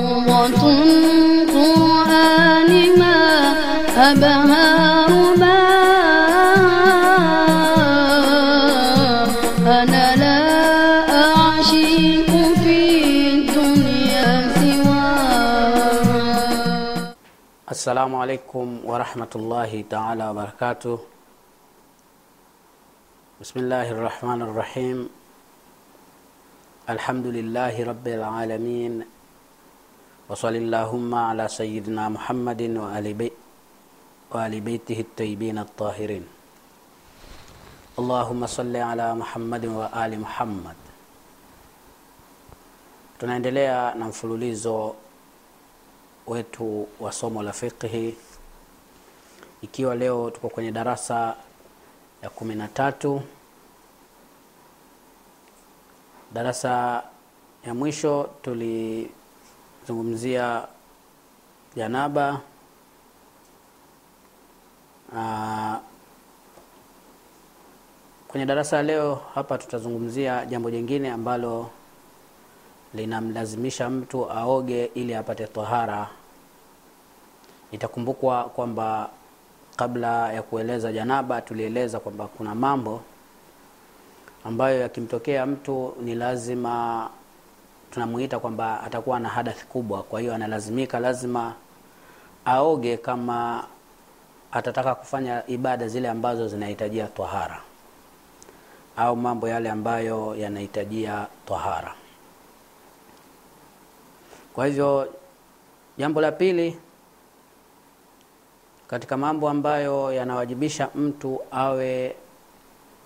روضة قرآن ما أبهار ما أنا لا أعشق في الدنيا سوى السلام عليكم ورحمة الله تعالى وبركاته بسم الله الرحمن الرحيم الحمد لله رب العالمين وصل اللهم على سيدنا محمد وآل, بي بيته الطيبين الطاهرين اللهم صل على محمد وآل محمد tunaendelea na mfululizo wetu wa somo la fiqhi ikiwa leo tuko kwenye darasa ya kumi na tatu darasa ya mwisho tuli zungumzia janaba aa, ah, kwenye darasa leo hapa tutazungumzia jambo jingine ambalo linamlazimisha mtu aoge ili apate tahara. Itakumbukwa kwamba kabla ya kueleza janaba, tulieleza kwamba kuna mambo ambayo yakimtokea mtu ni lazima tunamuita kwamba atakuwa na hadathi kubwa, kwa hiyo analazimika lazima aoge kama atataka kufanya ibada zile ambazo zinahitajia tahara au mambo yale ambayo yanahitajia tahara. Kwa hivyo jambo la pili katika mambo ambayo yanawajibisha mtu awe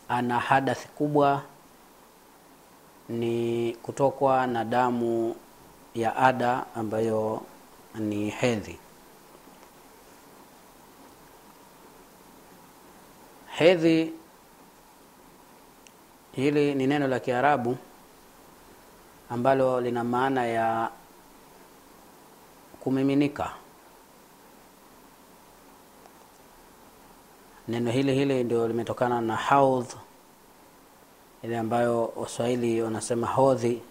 ana hadathi kubwa ni kutokwa na damu ya ada ambayo ni hedhi. Hedhi hili ni neno la Kiarabu ambalo lina maana ya kumiminika. Neno hili hili ndio limetokana na haudh ile ambayo waswahili wanasema hodhi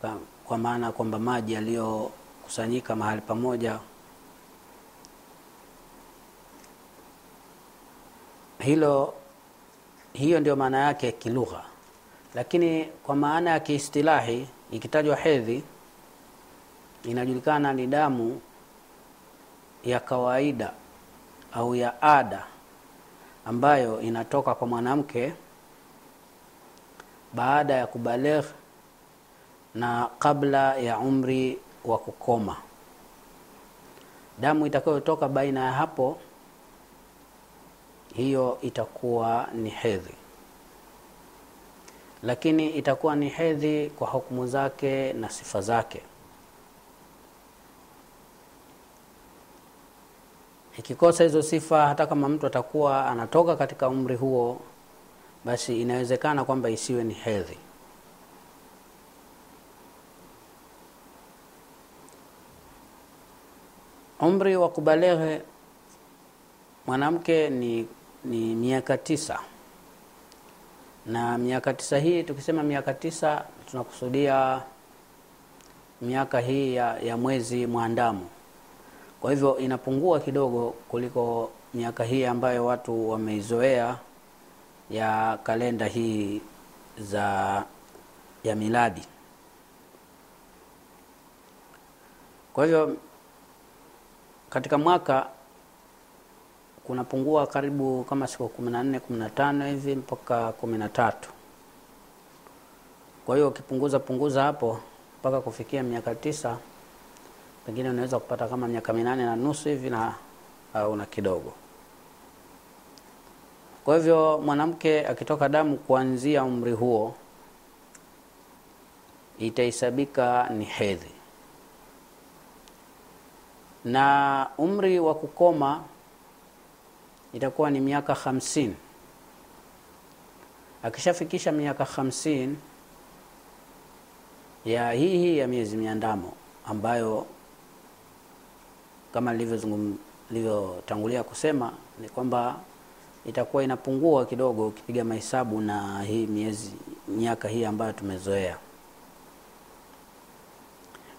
kwa, kwa maana kwamba maji yaliyokusanyika mahali pamoja hilo hiyo ndio maana yake kilugha lakini kwa maana ya kiistilahi ikitajwa hedhi inajulikana ni damu ya kawaida au ya ada ambayo inatoka kwa mwanamke baada ya kubaligh na kabla ya umri wa kukoma. Damu itakayotoka baina ya hapo, hiyo itakuwa ni hedhi, lakini itakuwa ni hedhi kwa hukumu zake na sifa zake. Ikikosa hizo sifa, hata kama mtu atakuwa anatoka katika umri huo basi inawezekana kwamba isiwe ni hedhi. Umri wa kubalehe mwanamke ni, ni miaka tisa na miaka tisa hii, tukisema miaka tisa tunakusudia miaka hii ya, ya mwezi mwandamo. Kwa hivyo inapungua kidogo kuliko miaka hii ambayo watu wameizoea ya kalenda hii za ya miladi. Kwa hivyo katika mwaka kunapungua karibu kama siku 14 15 hivi mpaka 13. Kwa hiyo ukipunguza punguza hapo mpaka kufikia miaka tisa, pengine unaweza kupata kama miaka minane na nusu hivi na uh, una kidogo. Kwa hivyo mwanamke akitoka damu kuanzia umri huo itahesabika ni hedhi, na umri wa kukoma itakuwa ni miaka hamsini. Akishafikisha miaka hamsini ya hii hii ya miezi miandamo ambayo kama nilivyotangulia kusema ni kwamba itakuwa inapungua kidogo ukipiga mahesabu na hii miezi miaka hii ambayo tumezoea.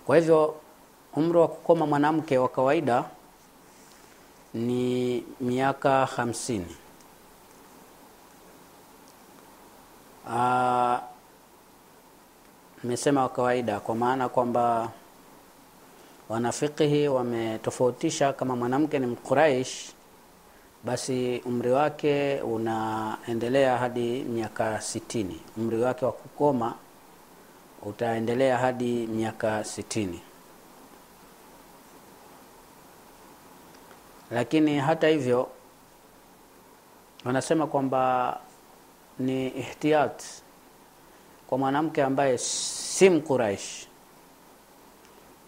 Kwa hivyo umri wa kukoma mwanamke wa kawaida ni miaka hamsini. Ah, nimesema wa kawaida kwa maana kwamba wanafikihi wametofautisha kama mwanamke ni Mquraish basi umri wake unaendelea hadi miaka sitini. Umri wake wa kukoma utaendelea hadi miaka sitini. Lakini hata hivyo, wanasema kwamba ni ihtiyat kwa mwanamke ambaye si Mkuraish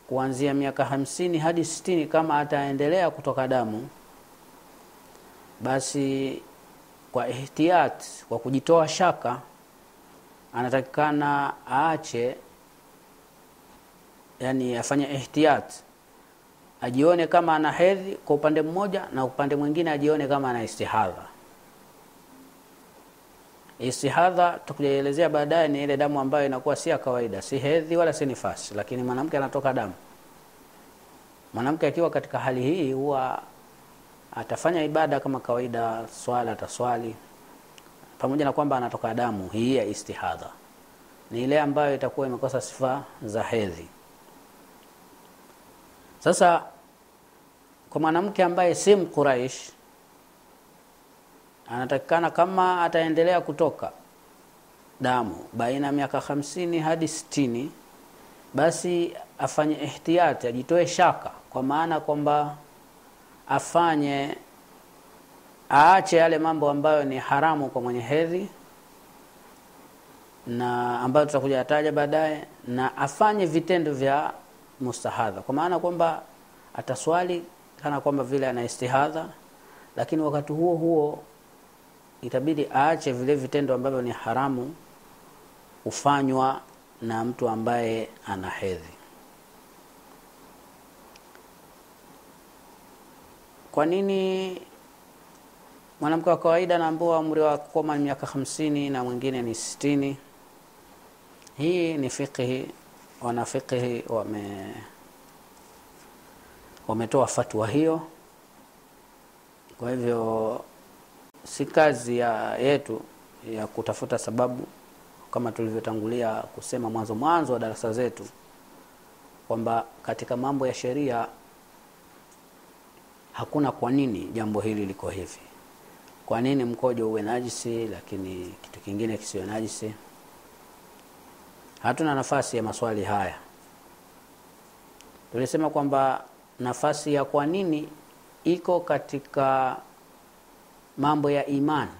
kuanzia miaka hamsini hadi sitini, kama ataendelea kutoka damu basi kwa ihtiyat, kwa kujitoa shaka, anatakikana aache, yani afanye ihtiyat, ajione kama ana hedhi kwa upande mmoja, na upande mwingine ajione kama ana istihadha. Istihadha tukujaelezea baadaye, ni ile damu ambayo inakuwa si ya kawaida, si hedhi wala si nifasi, lakini mwanamke anatoka damu. Mwanamke akiwa katika hali hii huwa atafanya ibada kama kawaida, swala ataswali, pamoja na kwamba anatoka damu hii ya istihadha, ni ile ambayo itakuwa imekosa sifa za hedhi. Sasa kwa mwanamke ambaye si Mkuraish anatakikana kama ataendelea kutoka damu baina ya miaka hamsini hadi sitini basi afanye ihtiyati, ajitoe shaka, kwa maana kwamba afanye aache yale mambo ambayo ni haramu kwa mwenye hedhi na ambayo tutakuja yataja baadaye, na afanye vitendo vya mustahadha, kwa maana kwamba ataswali kana kwamba vile ana istihadha, lakini wakati huo huo itabidi aache vile vitendo ambavyo ni haramu kufanywa na mtu ambaye ana hedhi. Kwa nini mwanamke wa kawaida anaambiwa umri wa kukoma ni miaka hamsini na mwingine ni sitini? Hii ni fikihi wanafiqhi wame wametoa fatwa hiyo. Kwa hivyo si kazi ya yetu ya kutafuta sababu, kama tulivyotangulia kusema mwanzo mwanzo wa darasa zetu kwamba katika mambo ya sheria hakuna kwa nini jambo hili liko hivi, kwa nini mkojo uwe najisi lakini kitu kingine kisiwe najisi. Hatuna nafasi ya maswali haya. Tulisema kwamba nafasi ya kwa nini iko katika mambo ya imani.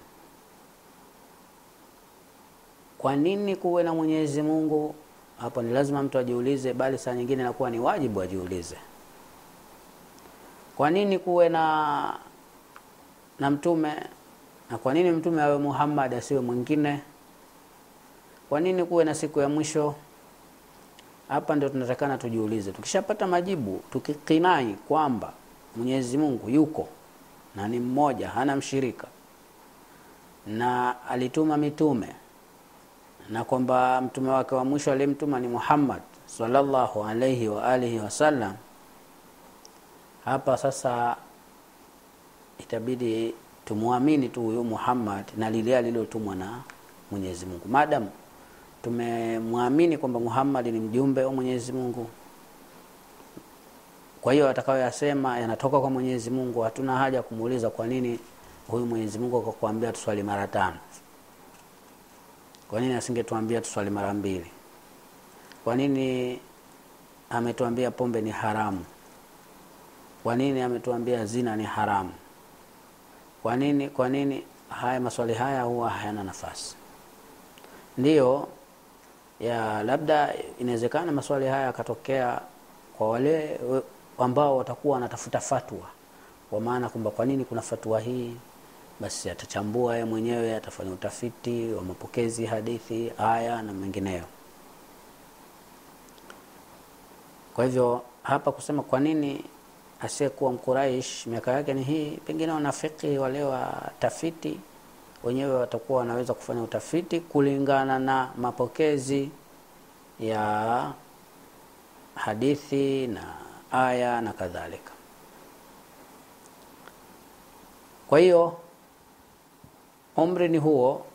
Kwa nini kuwe na Mwenyezi Mungu? Hapo ni lazima mtu ajiulize, bali saa nyingine inakuwa ni wajibu ajiulize. Kwa nini kuwe na na mtume na kwa nini mtume awe Muhammad asiwe mwingine? Kwa nini kuwe na siku ya mwisho? Hapa ndio tunatakana tujiulize. Tukishapata majibu, tukikinai kwamba Mwenyezi Mungu yuko na ni mmoja, hana mshirika, na alituma mitume, na kwamba mtume wake wa mwisho aliyemtuma ni Muhammad sallallahu alayhi wa alihi wasallam hapa sasa itabidi tumwamini tu huyu Muhammad na lile alilotumwa na Mwenyezi Mungu. Madam tumemwamini kwamba Muhammad ni mjumbe wa Mwenyezi Mungu, kwa hiyo atakayoyasema yanatoka kwa Mwenyezi Mungu. Hatuna haja ya kumuuliza kwa nini huyu Mwenyezi Mungu akakwambia tuswali mara tano. Kwa nini asingetuambia tuswali mara mbili? Kwa nini ametuambia pombe ni haramu? Kwa nini ametuambia zina ni haramu? Kwa nini, kwa nini haya maswali haya huwa hayana nafasi? Ndiyo ya labda inawezekana maswali haya yakatokea kwa wale ambao watakuwa wanatafuta fatwa, kwa maana kwamba kwa nini kuna fatwa hii basi atachambua yeye mwenyewe, atafanya utafiti wa mapokezi hadithi, aya na mengineyo. Kwa hivyo hapa kusema kwa nini asiyekuwa Mkuraish miaka yake ni hii, pengine wanafiki wale tafiti wenyewe watakuwa wanaweza kufanya utafiti kulingana na mapokezi ya hadithi na aya na kadhalika. Kwa hiyo umri ni huo,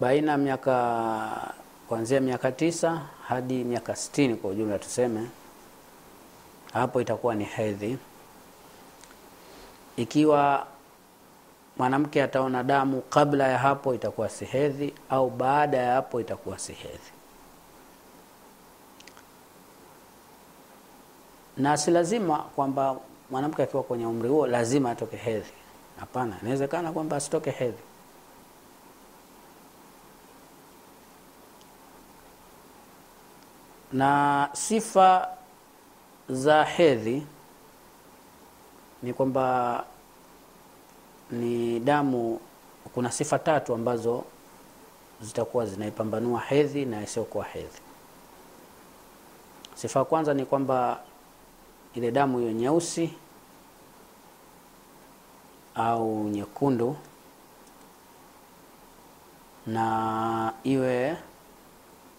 baina ya miaka kuanzia miaka tisa hadi miaka sitini kwa ujumla tuseme hapo itakuwa ni hedhi. Ikiwa mwanamke ataona damu kabla ya hapo itakuwa si hedhi, au baada ya hapo itakuwa si hedhi. Na si lazima kwamba mwanamke akiwa kwenye umri huo lazima atoke hedhi. Hapana, inawezekana kwamba asitoke hedhi. Na sifa za hedhi ni kwamba ni damu, kuna sifa tatu ambazo zitakuwa zinaipambanua hedhi na isiyokuwa hedhi. Sifa ya kwanza ni kwamba ile damu hiyo nyeusi au nyekundu na iwe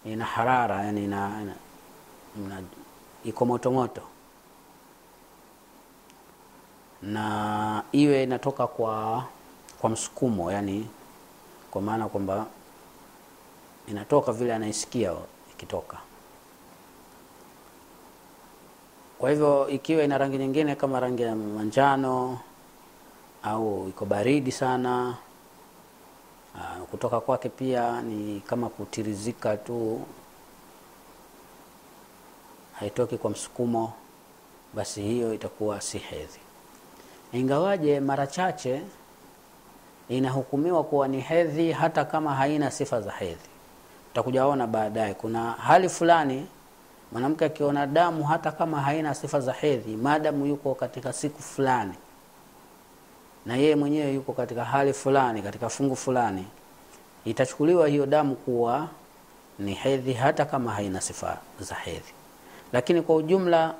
ina harara, yani ina, ina, ina iko motomoto na iwe inatoka kwa, kwa msukumo, yani kwa maana kwamba inatoka vile anaisikia ikitoka. Kwa hivyo ikiwa ina rangi nyingine kama rangi ya manjano au iko baridi sana, ah, kutoka kwake pia ni kama kutirizika tu haitoki kwa msukumo, basi hiyo itakuwa si hedhi, ingawaje mara chache inahukumiwa kuwa ni hedhi hata kama haina sifa za hedhi. Tutakujaona baadaye, kuna hali fulani mwanamke akiona damu hata kama haina sifa za hedhi, madamu yuko katika siku fulani na yeye mwenyewe yuko katika hali fulani, katika fungu fulani, itachukuliwa hiyo damu kuwa ni hedhi hata kama haina sifa za hedhi. Lakini kwa ujumla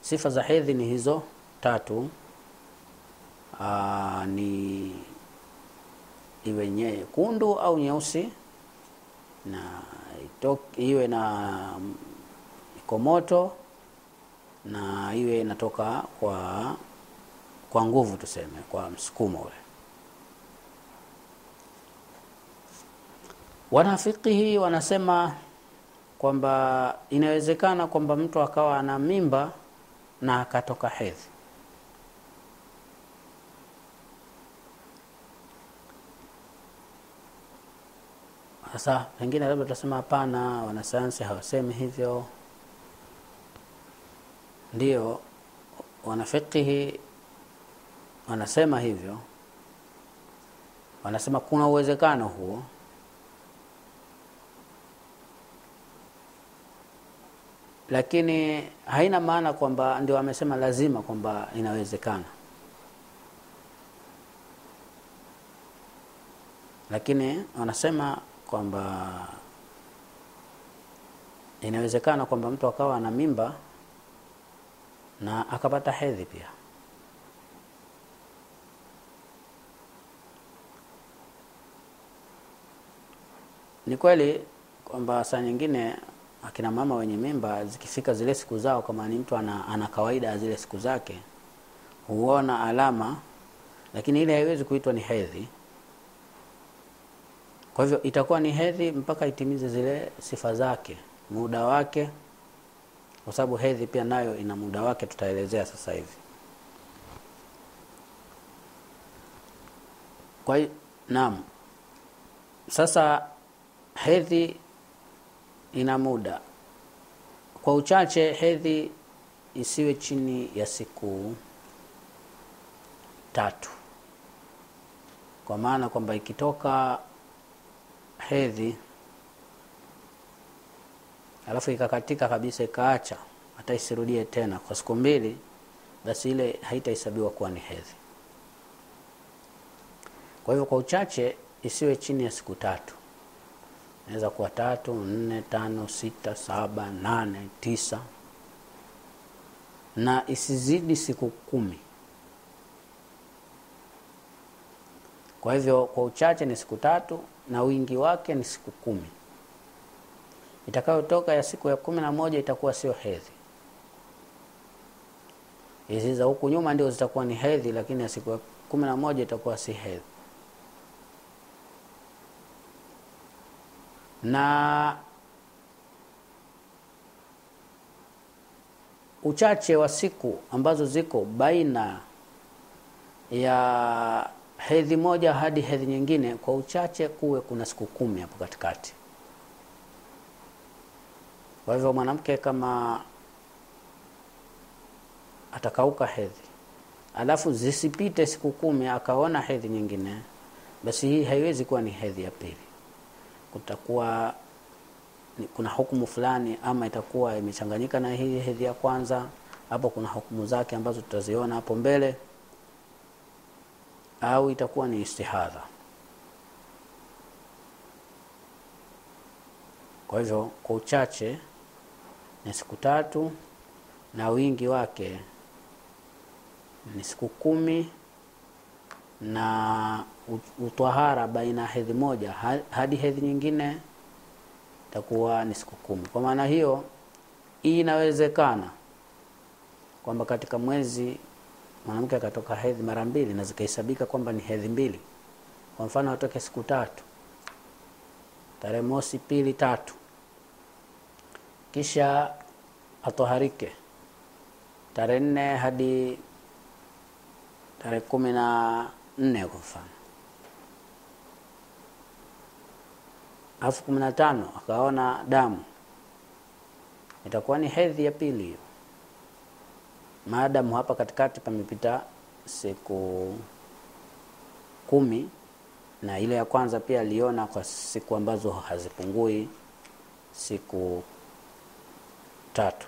sifa za hedhi ni hizo tatu. Aa, ah, ni iwe nyekundu au nyeusi na itoke, iwe na iko moto na iwe inatoka kwa kwa nguvu tuseme, kwa msukumo ule. Wanafikihi wanasema kwamba inawezekana kwamba mtu akawa ana mimba na akatoka hedhi. Sasa pengine labda tutasema hapana, wanasayansi hawasemi hivyo. Ndio wanafikihi wanasema hivyo, wanasema kuna uwezekano huo lakini haina maana kwamba ndio amesema lazima kwamba inawezekana, lakini wanasema kwamba inawezekana kwamba mtu akawa ana mimba na akapata hedhi pia. Ni kweli kwamba saa nyingine akina mama wenye mimba zikifika zile siku zao, kama ni mtu ana, ana kawaida zile siku zake huona alama, lakini ile haiwezi kuitwa ni hedhi. Kwa hivyo itakuwa ni hedhi mpaka itimize zile sifa zake, muda wake, kwa sababu hedhi pia nayo ina muda wake, tutaelezea sasa hivi. Kwa hiyo naam, sasa hedhi ina muda. Kwa uchache hedhi isiwe chini ya siku tatu, kwa maana kwamba ikitoka hedhi alafu ikakatika kabisa ikaacha hata isirudie tena kwa siku mbili, basi ile haitahesabiwa kuwa ni hedhi. Kwa hivyo kwa uchache isiwe chini ya siku tatu inaweza kuwa tatu, nne, tano, sita, saba, nane, tisa na isizidi siku kumi. Kwa hivyo kwa uchache ni siku tatu na wingi wake ni siku kumi. Itakayotoka ya siku ya kumi na moja itakuwa sio hedhi. Hizi za huku nyuma ndio zitakuwa ni hedhi, lakini ya siku ya kumi na moja itakuwa si hedhi. na uchache wa siku ambazo ziko baina ya hedhi moja hadi hedhi nyingine, kwa uchache kuwe kuna siku kumi hapo katikati. Kwa hivyo mwanamke kama atakauka hedhi alafu zisipite siku kumi akaona hedhi nyingine, basi hii haiwezi kuwa ni hedhi ya pili kutakuwa kuna hukumu fulani ama itakuwa imechanganyika na hii hedhi ya kwanza. Hapo kuna hukumu zake ambazo tutaziona hapo mbele, au itakuwa ni istihadha. Kwa hivyo kwa uchache ni siku tatu na wingi wake ni siku kumi na utwahara baina ya hedhi moja hadi hedhi nyingine itakuwa ni siku kumi. Kwa maana hiyo, hii inawezekana kwamba katika mwezi mwanamke akatoka hedhi mara mbili na zikahesabika kwamba ni hedhi mbili. Kwa mfano, atoke siku tatu, tarehe mosi, pili, tatu, kisha atoharike tarehe nne hadi tarehe kumi na nne mfano, alafu kumi na tano akaona damu itakuwa ni hedhi ya pili hiyo maadamu hapa katikati pamepita siku kumi na ile ya kwanza pia aliona kwa siku ambazo hazipungui siku tatu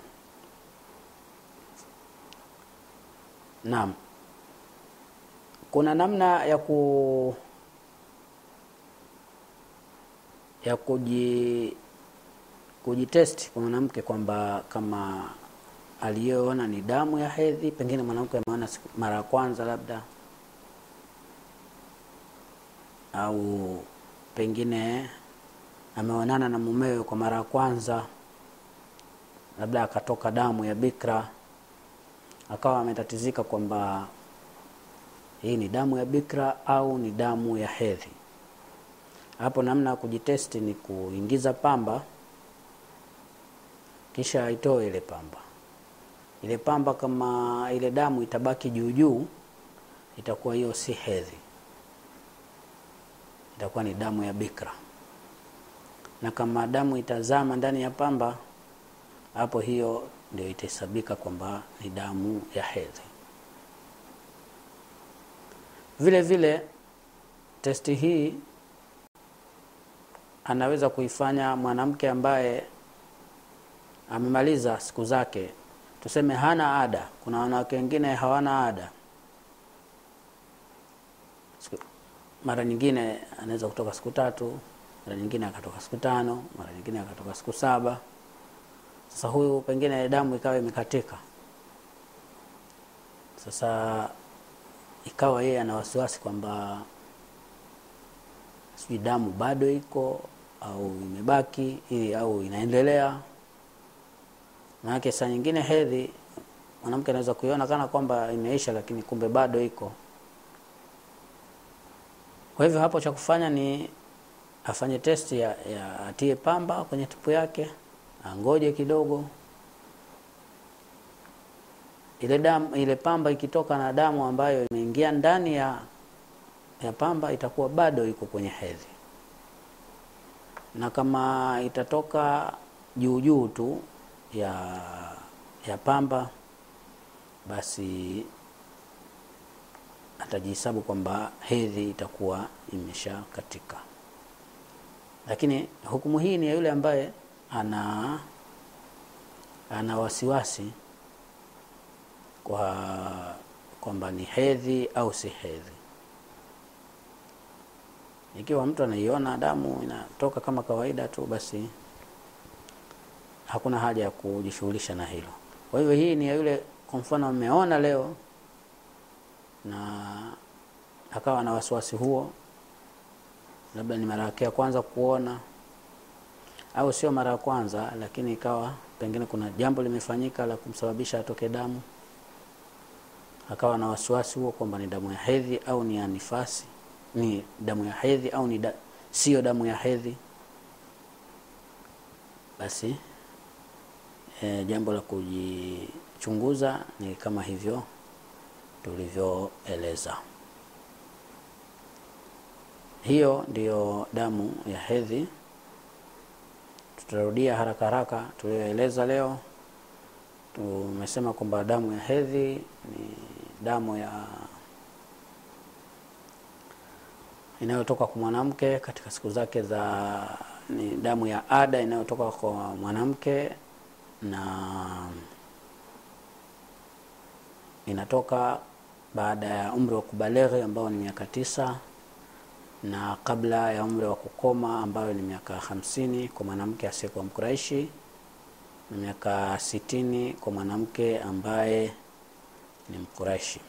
naam kuna namna ya ku ya kuji kujitesti kwa mwanamke kwamba kama aliyoona ni damu ya hedhi, pengine mwanamke ameona mara ya kwanza labda, au pengine ameonana na mumewe kwa mara ya kwanza, labda akatoka damu ya bikra, akawa ametatizika kwamba hii ni damu ya bikra au ni damu ya hedhi. Hapo namna ya kujitesti ni kuingiza pamba, kisha aitoe ile pamba. Ile pamba kama ile damu itabaki juu juu, itakuwa hiyo si hedhi, itakuwa ni damu ya bikra, na kama damu itazama ndani ya pamba, hapo hiyo ndio itahesabika kwamba ni damu ya hedhi. Vile vile testi hii anaweza kuifanya mwanamke ambaye amemaliza siku zake, tuseme hana ada. Kuna wanawake wengine hawana ada, mara nyingine anaweza kutoka siku tatu, mara nyingine akatoka siku tano, mara nyingine akatoka siku saba. Sasa huyu pengine damu ikawa imekatika, sasa ikawa yeye ana wasiwasi kwamba sijui damu bado iko au imebaki au inaendelea. manake saa nyingine hedhi mwanamke anaweza kuiona kana kwamba imeisha, lakini kumbe bado iko. Kwa hivyo hapo cha kufanya ni afanye testi ya, ya atie pamba kwenye tupu yake, angoje kidogo ile, damu, ile pamba ikitoka na damu ambayo imeingia ndani ya, ya pamba itakuwa bado iko kwenye hedhi, na kama itatoka juu juu tu ya, ya pamba basi atajihesabu kwamba hedhi itakuwa imesha katika. Lakini hukumu hii ni ya yule ambaye ana ana wasiwasi kwa kwamba ni hedhi au si hedhi. Ikiwa mtu anaiona damu inatoka kama kawaida tu, basi hakuna haja ya kujishughulisha na hilo. Kwa hivyo hii ni ya yule, kwa mfano ameona leo na akawa na wasiwasi huo, labda ni mara yake ya kwanza kuona au sio mara ya kwanza, lakini ikawa pengine kuna jambo limefanyika la kumsababisha atoke damu akawa na wasiwasi huo kwamba ni damu ya hedhi au ni anifasi ni damu ya hedhi au ni da, sio damu ya hedhi basi e, jambo la kujichunguza ni kama hivyo tulivyoeleza hiyo ndiyo damu ya hedhi tutarudia haraka haraka tulioeleza leo tumesema kwamba damu ya hedhi ni damu ya inayotoka kwa mwanamke katika siku zake za ni damu ya ada inayotoka kwa mwanamke na inatoka baada ya umri wa kubaleghe ambao ni miaka tisa na kabla ya umri wa kukoma ambayo ni miaka hamsini kwa mwanamke asiyekuwa Mkuraishi na miaka sitini kwa mwanamke ambaye ni Mkuraishi.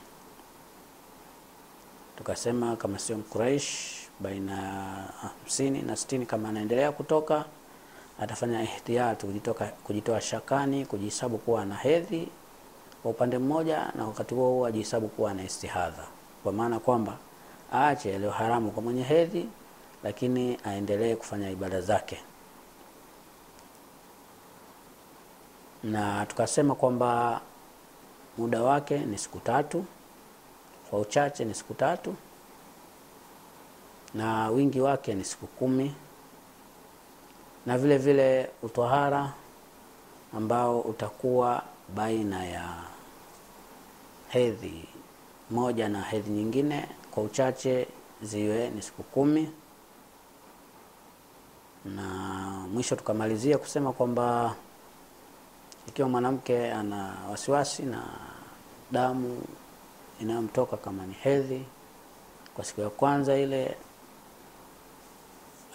Tukasema kama sio Mkuraishi, baina ya hamsini na sitini kama anaendelea kutoka atafanya ihtiyat, kujitoka kujitoa shakani, kujihesabu kuwa ana hedhi kwa upande mmoja, na wakati huo huo ajihesabu kuwa ana istihadha, kwa maana kwamba aache yaliyo haramu kwa mwenye hedhi, lakini aendelee kufanya ibada zake. Na tukasema kwamba muda wake ni siku tatu kwa uchache ni siku tatu na wingi wake ni siku kumi na vile vile utohara ambao utakuwa baina ya hedhi moja na hedhi nyingine kwa uchache ziwe ni siku kumi na mwisho tukamalizia kusema kwamba ikiwa mwanamke ana wasiwasi na damu inayomtoka kama ni hedhi kwa siku ya kwanza ile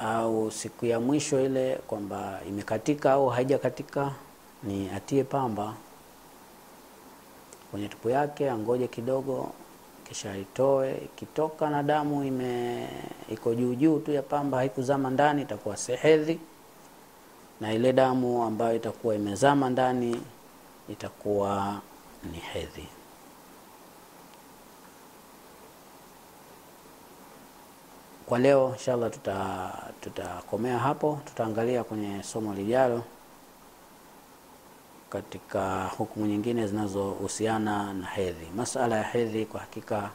au siku ya mwisho ile kwamba imekatika au haijakatika, ni atie pamba kwenye tupu yake, angoje kidogo, kisha aitoe. Ikitoka na damu ime iko juu juu tu ya pamba, haikuzama ndani, itakuwa sehedhi na ile damu ambayo itakuwa imezama ndani itakuwa ni hedhi. Kwa leo inshallah tutakomea tuta hapo, tutaangalia kwenye somo lijalo katika hukumu nyingine zinazohusiana na hedhi. Masala ya hedhi kwa hakika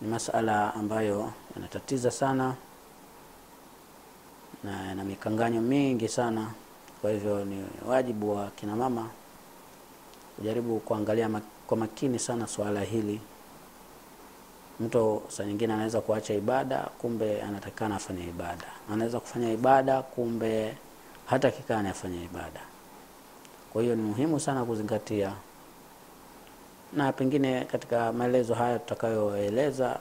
ni masala ambayo yanatatiza sana na, na mikanganyo mingi sana. Kwa hivyo ni wajibu wa kina mama kujaribu kuangalia mak kwa makini sana swala hili. Mtu saa nyingine anaweza kuacha ibada, kumbe anatakana afanye ibada. Anaweza kufanya ibada, kumbe hata kikaa afanye ibada. Kwa hiyo ni muhimu sana kuzingatia, na pengine katika maelezo haya tutakayoeleza,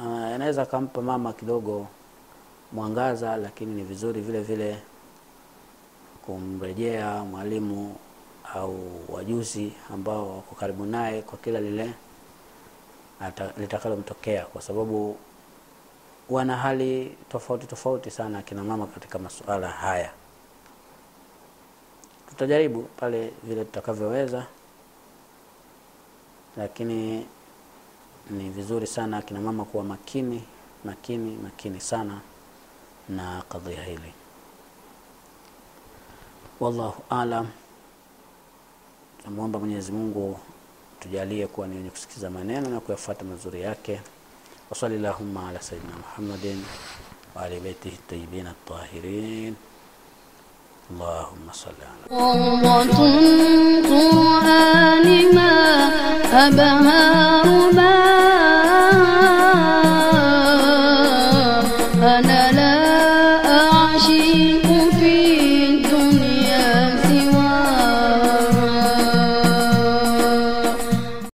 ah, anaweza uh, kampa mama kidogo mwangaza, lakini ni vizuri vile vile kumrejea mwalimu au wajuzi ambao wako karibu naye kwa kila lile litakalomtokea, kwa sababu wana hali tofauti tofauti sana akina mama katika masuala haya. Tutajaribu pale vile tutakavyoweza, lakini ni vizuri sana akina mama kuwa makini makini makini sana na kadhia hili. Wallahu alam. Namwomba Mwenyezi Mungu tujalie kuwa ni wenye kusikiza maneno na kuyafuata mazuri yake. Wasalli llahuma ala sayidina Muhammadin wa ali baitihi tayyibin tahirin اللهم صل على قرة قرآن ما أبهار ما